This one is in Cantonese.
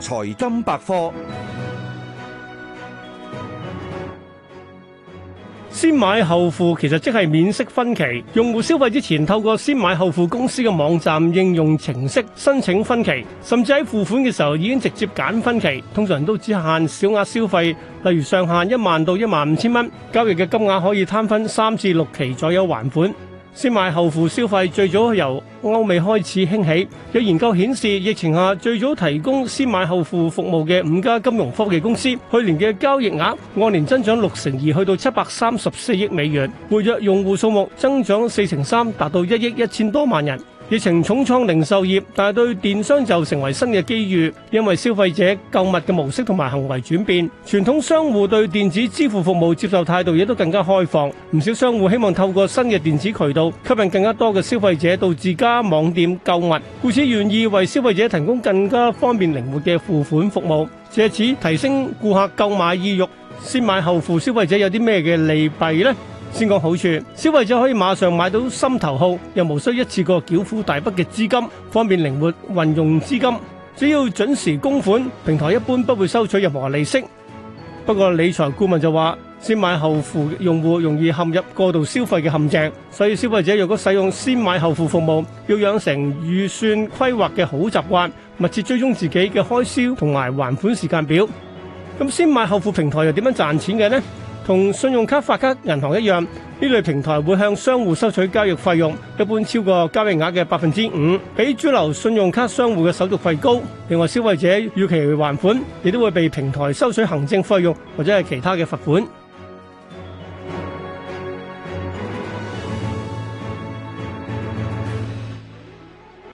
財金百科，先買後付其實即係免息分期。用戶消費之前，透過先買後付公司嘅網站、應用程式申請分期，甚至喺付款嘅時候已經直接揀分期。通常都只限小額消費，例如上限一萬到一萬五千蚊，交易嘅金額可以攤分三至六期左右還款。先買後付消費最早由歐美開始興起，有研究顯示，疫情下最早提供先買後付服務嘅五家金融科技公司，去年嘅交易額按年增長六成二，去到七百三十四億美元，活躍用戶數目增長四成三，達到一億一千多萬人。疫情重創零售業，但係對電商就成為新嘅機遇，因為消費者購物嘅模式同埋行為轉變，傳統商戶對電子支付服務接受態度亦都更加開放。唔少商戶希望透過新嘅電子渠道，吸引更加多嘅消費者到自家網店購物，故此願意為消費者提供更加方便靈活嘅付款服務，借此提升顧客購買意欲。先買後付，消費者有啲咩嘅利弊呢？先講好處，消費者可以馬上買到心頭好，又無需一次過繳付大筆嘅資金，方便靈活運用資金。只要準時供款，平台一般不會收取任何利息。不過理財顧問就話，先買後付用戶容易陷入過度消費嘅陷阱，所以消費者若果使用先買後付服務，要養成預算規劃嘅好習慣，密切追蹤自己嘅開銷同埋還款時間表。咁先買後付平台又點樣賺錢嘅呢？同信用卡發卡銀行一樣，呢類平台會向商戶收取交易費用，一般超過交易額嘅百分之五，比主流信用卡商戶嘅手續費高。另外，消費者逾期還款，亦都會被平台收取行政費用或者係其他嘅罰款。